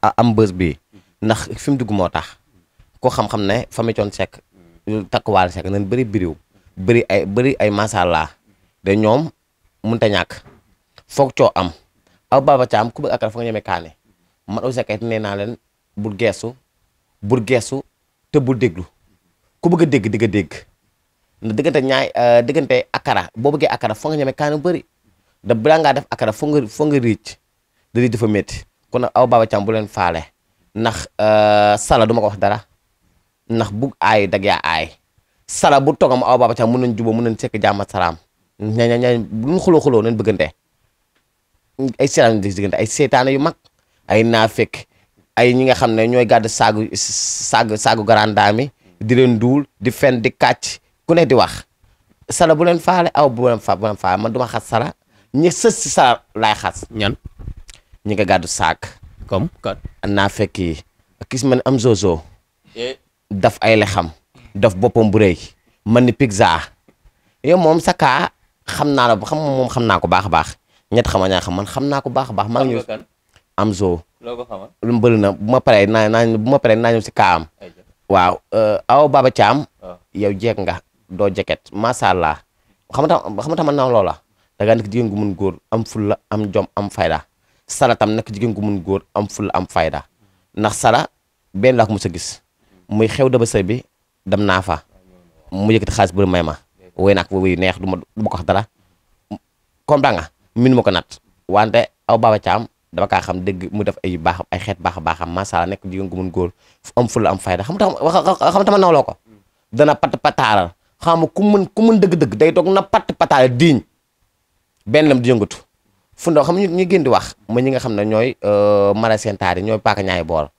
am bës bi ndax fi mu dugg moo tax ko xam-xam ne fa mu coon sekk takkuwaal sekk nañ bëri biriw bëri ay bëri ay masala de ñoom mënut a ñàkk foog coo am aw baba caam ku bëgg akara fa nga naa leen bul geesu bul te bul déglu ku bëgg a dégg di nga dégg ndax diggante ñaay euh, diggante boo bëggee akara fa nga def akara fa nga fa nga da riic dafa métti kon nag aw baaba bu leen faale ndax euh, sala du ma wax dara ndax bug aay dag yaa aay sala bu togam aw baaba mun nañ jubóo mun nañ sekk jàmm salaam ñañ ñañ bu ñu ay seetaan ay seetaane yu mag ay naafek ay ñi nga xam ne ñooy gàdd saagu saagu saagu garandaa mi di leen duul di fen di kàcc ku ne di wax sala bu leen faale aw bu leen faale man du ma xas sala ñi sës si sala laay xas ñan ñi nga gàddu saak. comme kon. naa fekki kis man am zozo. Eh. daf ay xam daf boppam bu rëy. man ni pizza. yow moom sa kaa xam naa la xam moom xam naa ko baax baax ñett xam ñaa xam man xam naa ko baax baax. maa ngi am zoo. am ko lu mu bëri na bu ma paree naa naa bu ma paree naa ñëw si kaam. waaw euh, aw Baba Thiam. Ah. yow jeeg nga doo jeket macha allah. xam nga tam xam nga tam man naa loola. da ngaa nekk jigéen gu mun góor am fulla am jom am fayda. sara tam nag jigéen gu mun góor am ful am fayda ndax sara benn laa ko mos gis muy xew daba sëy bi dem naa fa mu yëkkati xaalis bu may ma woy naak woy neex du ma du ma ko wax dara comprend nga minu ko nat wante aw baaba caam dama kaa xam dégg mu def ay baax ay xeet baax a baaxam macha allah nekk jigéen gu mun góor am ful am fayda xam tax xam tama nawloo ko dana pat pataaral xam ku mën ku mën dëgg-dëgg day toog na pat pataaral diiñ benn lam di yëngatu fu ndaw xam ñu ñu gën di wax mooy ñi nga xam ne ñooy euh, mara sentaar yi ñooy paaka ñaay boor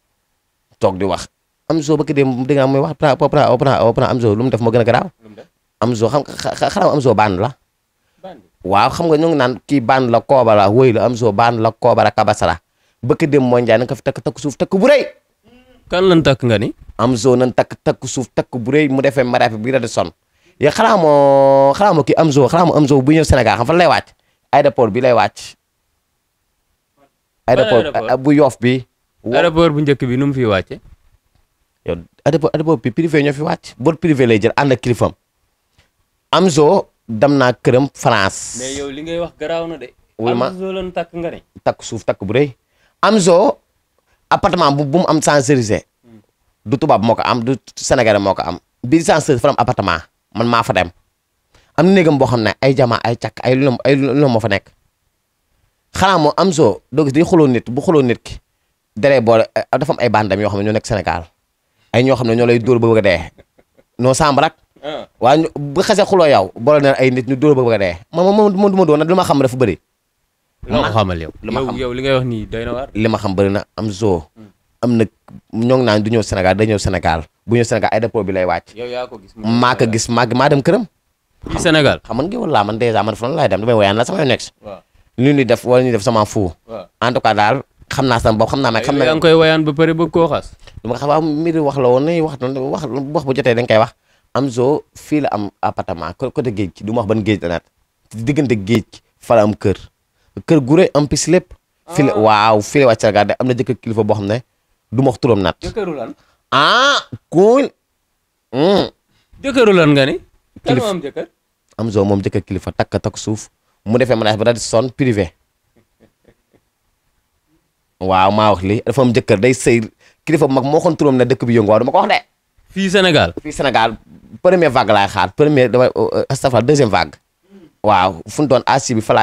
toog di wax Amzo ba ki dem di nga muy wax pra pra pra Amzo lu mu def moo gën a garaaw Amzo xam xaraw Amzo la waaw xam nga ñoo ngi naan kii baan la koobara wóy am Amzo baan la koobara kabasara bëkk dem mooy njaay na nga fi takk takk suuf takk bu rëy kan lan takk nga ni Amzo nan takk takk suuf takk bu rëy mu defee maraaf bi radi son ya xalaa moo xalaa moo kii Amzo xalaa am Amzo bu ñëw Sénégal xam fan lay wàcc aéroport bi lay wàcc. aéroport eh, bu yoof bi. aéroport bu njëkk bi nu mu fiy wàcce yow aéroport aéroport fi wàcc bor privé lay jël ànd ak kilifam. Amzo dem naa këram France. mais li ngay wax garaaw na de. ma takk suuf takk bu rëy. Amzo appartement bu bu mu am sensibiliser. Hmm. du tubaab moo ko am du Sénégal moo ko am. bi sensibiliser faram apartement man maa fa dem. am néegam boo xam ne ay jama ay càkk ay ay moo fa nekk xanaa moo am soo doo gis day nit bu xuloo nit ki daree boole eh, dafa am ay bandam yoo xam ne ñoo nekk Sénégal ay ñoo xam ne ñoo lay dóor ba bëgg a dee noo sàmb rek ah. waaye bu xasee xuloo yow boole na ay nit ñu dóor ba bëgg a dee doon nag li xam dafa bëri. li ma xamal ma xam yow li ngay wax nii doy li ma xam bëri na am soo. Hmm. am na ñoo naa du ñëw senegal da ñëw senegal bu ñëw Sénégal ay dépôt bi lay wàcc. yow yaa ko gis maa ko gis maa maa këram fii Sénégal xam nga ngeen wala man dèjà man fan laay dem damay woyaan la sama yoon nekk si. waaw lu ñuy def wala ñuy def sama fu. en tout cas daal xam naa sama bopp xam naa nag. xam naa yaa ngi koy woyaan ba pare bëgg koo xas. lu ma xam waaw mbiri wax la woon nañu wax wax wax bu jotee dañ koy wax Amzo fii la am appartement côté géej gi du ma wax ban géej la naat diggante géej fa la am kër kër gu rëy am pis lépp. fii la ah. waaw fii la wàcc rek am na jëkkër kilifa boo xam ne du ma wax turam naat. jëkkëru lan ah. kuul. Hmm. jëkkëru lan nga ni. kilifa am jëkkër moom jëkkër kilifa takk takk suuf mu defee mariage ba daal di son privé waaw maa wax li dafa am jëkkër day sëy kilifa bu mag moo xoon turam ne dëkk bi yëngu waaw dama ko wax de. fii Sénégal fii Sénégal première vague laay xaar première euh, euh, waaw fu doon asi bi fa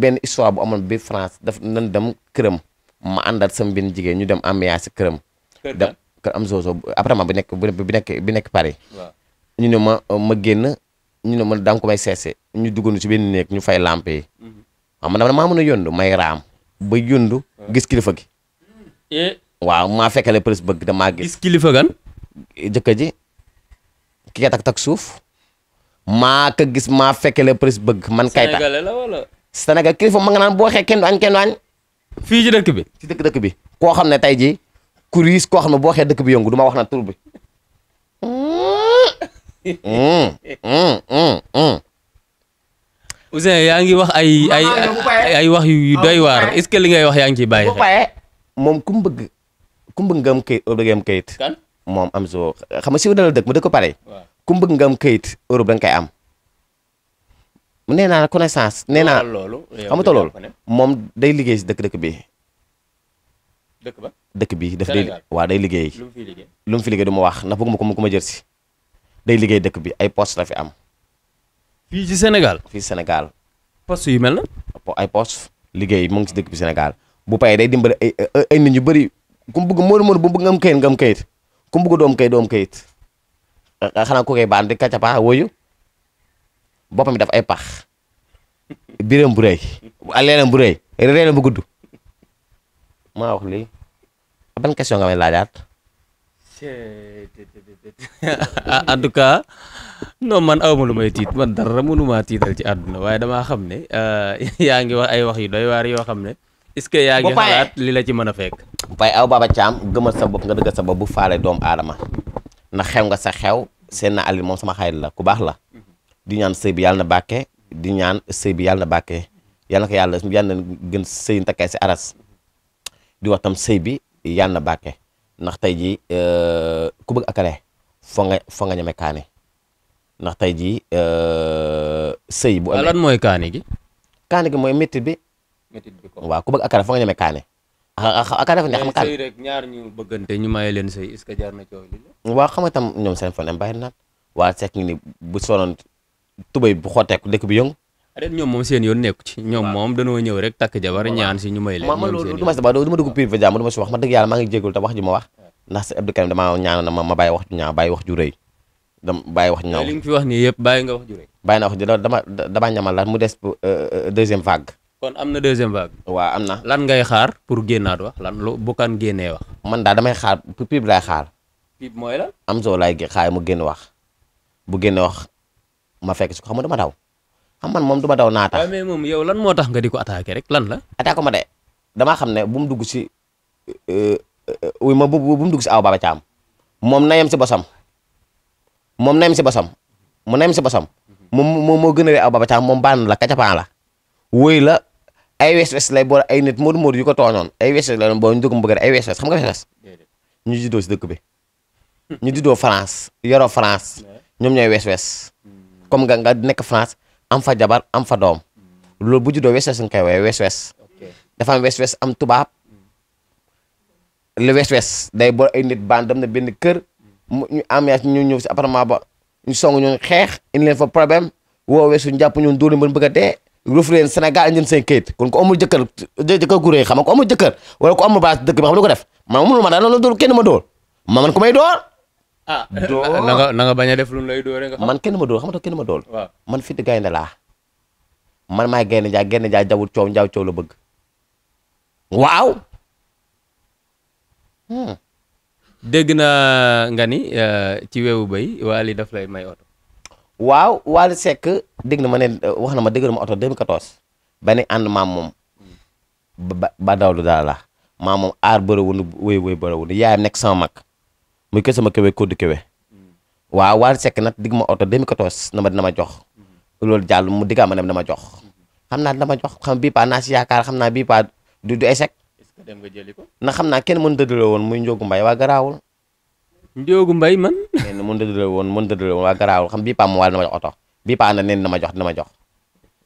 benn histoire bu amoon bi France daf nan dem këram ma àndal sama benn jigéen ñu dem ambiance këram. dem kër am zozo appartement bi nekk bi nekk bi nekk Paris. ñu ne ma euh, ma génn ñu ne ma da nga ko may seese ñu duggoon ci benn néeg ñu fay lampé yi. Mm-hmm. waaw man maa mën a yóndu may raam ba yóndu gis kilifa gi. Eh? waaw maa fekkale presse bëgg damaa gis. gis kilifa gan. jëkkër suuf maa ka gis maa fekkale presse bëgg man. kayta Sénégal la wala. kilifa ma nga naan boo xee kenn du añ kenn du añ. fii ci dëkk bi. ci dëkk dëkk bi koo xam ne tey jii. ku riis koo xam ne boo waxee dëkk bi yëngu du ma wax naan tur bi Ouzin yaa ngi wax ay ay ay wax yu doy waar est-ce que li ngay wax ngi ciy bàyyi xel moom ku mu bëgg ku mu am kayit Europe moom am so xam nga si dala dëkk mu dëkk pare ku mu bëgg nga am kayit Europe da nga koy am mu nee naa connaissance nee naa xamata loolu moom day liggéey si dëkk dëkk bi dëkk bi daf day liggéey lu mu fi liggéey du wax ndax bëgguma ko ku ma jël day liggéey dëkk bi ay poste la fi am fii ci Sénégal fii Sénégal poste yu mel na ay poste liggéey mu ngi ci dëkk bi Sénégal bu pay day dimbali ay ay nit ñu bëri ku mu bëgg mënu bu bëgg nga am kayit nga am kayit ku mu bëgg doom kayit doom kayit xanaa ku koy baan di kacapaa woyu boppam daf ay pax biram bu rëy leeram bu rëy bu gudd ban question nga may laajaat. en tout cas non man awma lu may tiit man dara mënumaa tiital ci àdduna waaye damaa xam ne eh, yaa ngi wax ay wax yu doy waar yoo xam ne. est-ce que yaa ngi xalaat ci mën a fekk. bu paye aw Baba Thiam gëmal sa bopp nga dëggal sa bopp bu doomu aadama na xew nga sa xew seen na Aliou moom sama xarit la ku baax la. di ñaan sëy bi yàlla na bàkkee di ñaan sëy bi yàlla na bàkkee yàlla na ko yàlla yàlla na gën sëy takkee si aras di wax tam sëy bi yàlla bàkke ndax tey jii euh, ku bëgg akale fo nga fo nga ñeme kaani ndax tey jii euh, sëy bu amee lan mooy kaani gi kaani gi mooy métit bi métit bi ko waaw ku bëgg akale fo nga ñeme kaani fa ne xam kaani rek ñaar ñu bëggante ñu maye leen sëy est que jaar na coow li tam ñoom seen fan am naan waa sekk ni bu sonoon tubay bu xotteeku dëkk bi yëngu ren ñoom moom seen yoon nekk ci ñoom moom dañoo ñëw rek takk jabar ñaan si ñu may leen ma loolu ma si du ma dugg du ma si wax ma dëgg yàlla maa ma si na ma ma bàyyi wax ju ñaaw ju rëy dama bàyyi wax ñaaw li nga fi wax nii yëpp bàyyi nga wax ju rëy bàyyi dama dama ñamal la mu des euh, euh, deuxième vague kon am na deuxième vague waaw am na lan ngay xaar pour génnaat wax lan lu bukkaan génnee wax man daal damay xaar pib laay xaar pib mooy la am soo laay xaar mu génn wax bu génn wax ma fekk si ko xam dama daw am man moom du ma daw naa tax. yow lan moo tax nga di ko attaqué rek lan la. attaqué ma de damaa xam ne bu mu dugg si euh, euh, ma bu dugg si aw Baba Caam moom na yem si bosam moom na si bosam mu na si bosam moom moo gën a aw Baba Caam moom bànn la kacapaan la wóoy la. ay wees wees lay ay nit moodu-moodu yu ko tooñoon ay wees wees lay doon boole ñu dugg mu bëgg ay wees wees xam ñu juddoo si dëkk bi ñu juddoo France ñoom ñooy wees wees hmm. comme nga nekk France am fa jabar am fa doom loolu bu juddoo wes-wes nga koy woowee wes-wes dafa am wes am tubaab le wes-wes day boole ay nit baan dem na benn kër mu ñu am yaa ñu ñëw si appartement ba ñu song ñun xeex in leen fa problème woo weesu jàpp ñun dóor mën bëgg a dee ruuf leen senegal indi seen kayit kon ko amul jëkkër jëkkër gu rëy xam nga ku amul jëkkër wala ko amul baas dëkk bi xam lu ko def man amul ma daal loolu kenn ma dóor man ku may ah na nga na nga a def lu lay doore nga xam man kenn ma dool xam nga kenn ma dool. waaw man fit gaynde laa man maay gaynde jaa gaynde jaa jawut coow njaaw coow la bëgg. waaw. Hmm. dégg naa nga ni euh, ci weewu bay Wally daf lay may oto. waaw Wally Seck dégg na ma ne euh, wax na ma dégg na ma oto 2014. ba ne ànd maam moom. ba ba dawlu daal la maam moom aar bëriwul wéy wéy bëriwul nekk sama mag. muy kër sama kewe code kewe mm. waa waar sekk nag digg ma oto 2014 na ma dina ma jox mm-hmm. loolu jàll mu diggaa ma ne dama jox mm-hmm. xam naa dina ma jox xam bii paa naa si yaakaar xam naa bii paa du du échec dem ko ndax xam naa kenn mën dëddale woon muy Ndiogu Mbaye waa garaawul Ndiogu Mbaye woon mën dëddale woon waa garaawul xam bii paa mu wàll dama jox oto bii paa na neen dama jox dama jox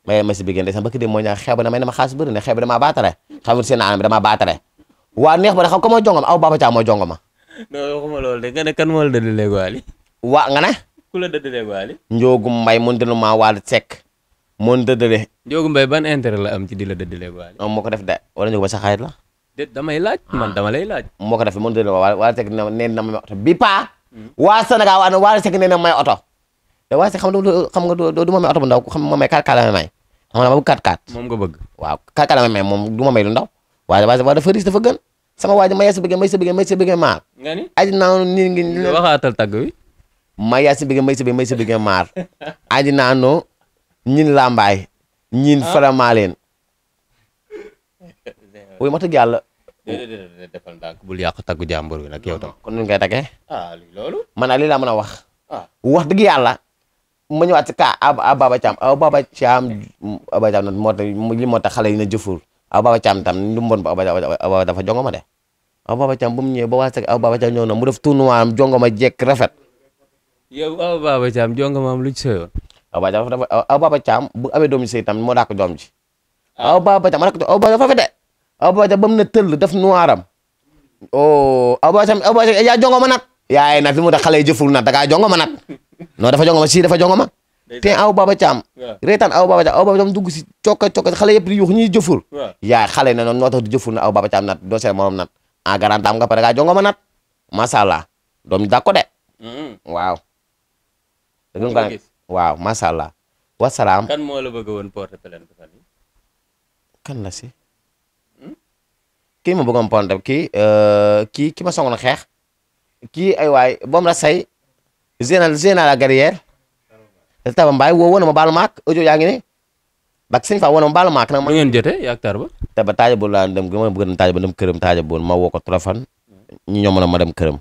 may ma si biggéen ndeysaan bëkk de moo ñaa na may na ma xaas bëri ne xew ba damaa baatare xam seen anam bi damaa baatare waa neex ba ne xam ko moo jongoma aw baba caa moo non waxuma loolu de nga ne kan moo la dëddalee Waly. waa nga ne. ku la dëddalee Waly. Ndiogu Mbaye mu dëdd maa Waly Seck. moo dëddalee. Ndiogu Mbaye ban intérêt la am ci di la dëddalee Waly. moo ko def de wala Ndiogu ba sa xarit la. déet damay ah. laaj moo ko def moo dëddalee Waly Waly Seck na may oto bi paa. Hmm. waa Sénégal waa Waly Seck nee na may oto. te Waly Seck xam nga du ma may oto bu ndaw xam ma may kàr kàr la may may. xam ma bëgg kàr kàr. moom nga bëgg. waaw kàr kàr la may du ma may lu ndaw waaye waaye dafa risque dafa sama waa ji ma yaa si bëggee may si bëggee may si aji naanu nii ngi. waxaatal tàgg wi. ma yaa si bëggee may si bëggee may si maar. aji naanu ñin làmbaay. ñin ah. faramaa leen. ma tëgg yàlla. déedéet yàq tàggu jàmbur wi nag yow tam. kon nuñ koy tàggee. ah loolu. man daal lii laa mën a wax. Ah. wax dëgg yàlla. ma ñëwaat si kaa ab ab Baba Thiam ab Baba moo tax xale yi na jëfur. aw baba caam tam lu mu ba aw dafa jongoma de aw baba caam bu mu ba waa sek aw baba caam ñëw na mu def tournoi aw baba caam bu amee doom ji tam moo dàq doom aw baba caam rek aw baba aw baba caam ba mu ne tëll def noiram aw baba caam aw baba caam yaa jongoma nag. yaay nag fi mu ne xale yi jëful nag da ngaa jongoma nag non dafa jongoma si dafa jongoma. te aw baba caam reetaan aw baba caam aw baba caam dugg si cokka cokka xale di yuux ñuy jëfur yaay xale ne noonu noo tax di jëfur aw baba caam nat doo see morom nat en garantam nga pare ngaa jongo nat macha allah doom da de mm-hmm. waaw dëgg nga waaw macha allah wasalaam kan moo la bëgg woon hmm? ma bëggoon porter kii euh, ki ma songoon xeex kii ay waay boom Tarba Mbaye woo woon ma baalu maak ak audio yaa ngi ne bak sëñ fa woon na ma baalu ma ak nag. lu ngeen jotee ak Tarba. Tarba Tadjaboul laa dem ma bëgg dem Tadjaboul dem këram Tadjaboul ma woo ko téléphone ñu ñoom la ma dem këram.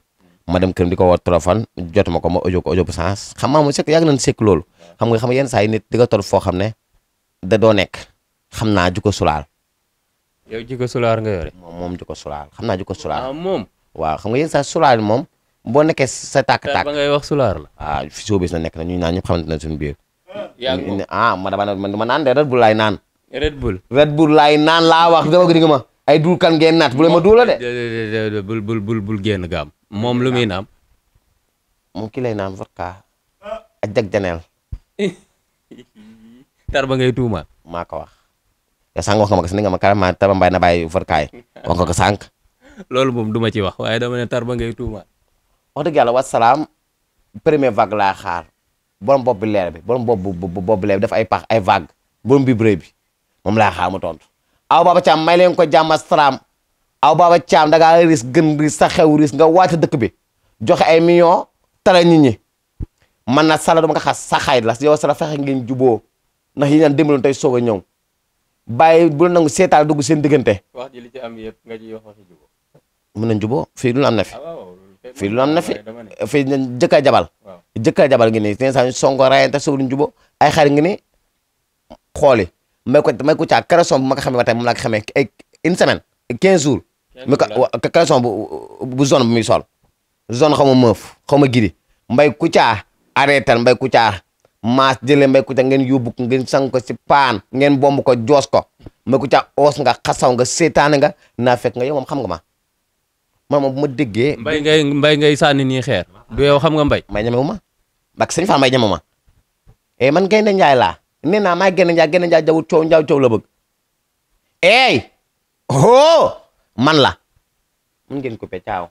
ma dem këram di ko woo téléphone jotuma ko ma audio ko audio bu sens xam maa mu sekk yàgg nañ sekk lool xam nga xam yenn saa nit di nga toll foo xam ne da doo nekk xam naa ju ko sulaal. yow ju ko sulaal nga yore. moom moom ju ko xam naa ju ko sulaal. Ah, moom. waaw xam nga yenn saa moom boo nekkee sa tàkk-tàkk. ba ngay wax sulaar la. ah fi soo na nekk na ñu naan ñëpp xamante na suñu biir. yaa ngi ma dama man ma naan de Red Bull laay naan. Red Bull. Red Bull laay naan laa wax dama gën ma. ay duul kan ngeen naat bu leen ma duula de. bul bul bul bul moom lu muy naam. moom ki lay naan vodka. ak jag janeel. tar ba ngay tuuma. maa ko wax. te sànq wax nga ma ko si ni ma carrément na bàyyi vodka yi. wax nga ko sànq. ma waaye dama ne tar ba ngay tuuma. wax dëgg yàlla wasalaam première vague laa xaar borom bopp bi leer bi borom bopp bu bopp bi leer def ay pax ay vague borom bi bré bi moom laa xaar mu tontu aw baaba caam may leen ko jàmm asalaam aw baaba caam da ngaa risque gën risque sa xew risque nga waate dëkk bi joxe ay millions tala nit ñi man na sala dama nga xas sa xayit la yow sala fexe ngeen juboo ndax yi naan démbaloon tey soog a ñëw bàyyi bu la nangu seetaan dugg seen diggante. wax ji li mën nañ juboo fii du am na fi. Ah, fii loon na fi fii jëkka jabal jëkka jabal ngi nii ten saa ñu songo rayante sowruñ ay xar ngi ni xooli may ko may caa keroson bu ma ko xamee ba tey moom laa ko xamee ay une semaine quinze jours mi ko keroson bu bu zone bu muy sol zone xaw ma meuf xaw ma giri mbay ku caa arrêtal mbay ku caa maas jëlee mbay ku caa ngeen yóbbu ngeen sang ko si paan ngeen bomb ko joos ko mbay ku caa oos nga xasaw nga seetaan nga naa fekk nga yow moom xam nga ma man bu ma déggee. mbay ngay mbay ngay sànni nii xeer. du yow xam nga mbay. mbay ñemewu ma bak sëñ Fall mbay ñeme ma eh man gaynde njaay la nee naa maa gaynde njaay gaynde njaay jaww coow njaaw coow la bëgg. ey eh! oh! man la mun ngeen coupé caaw.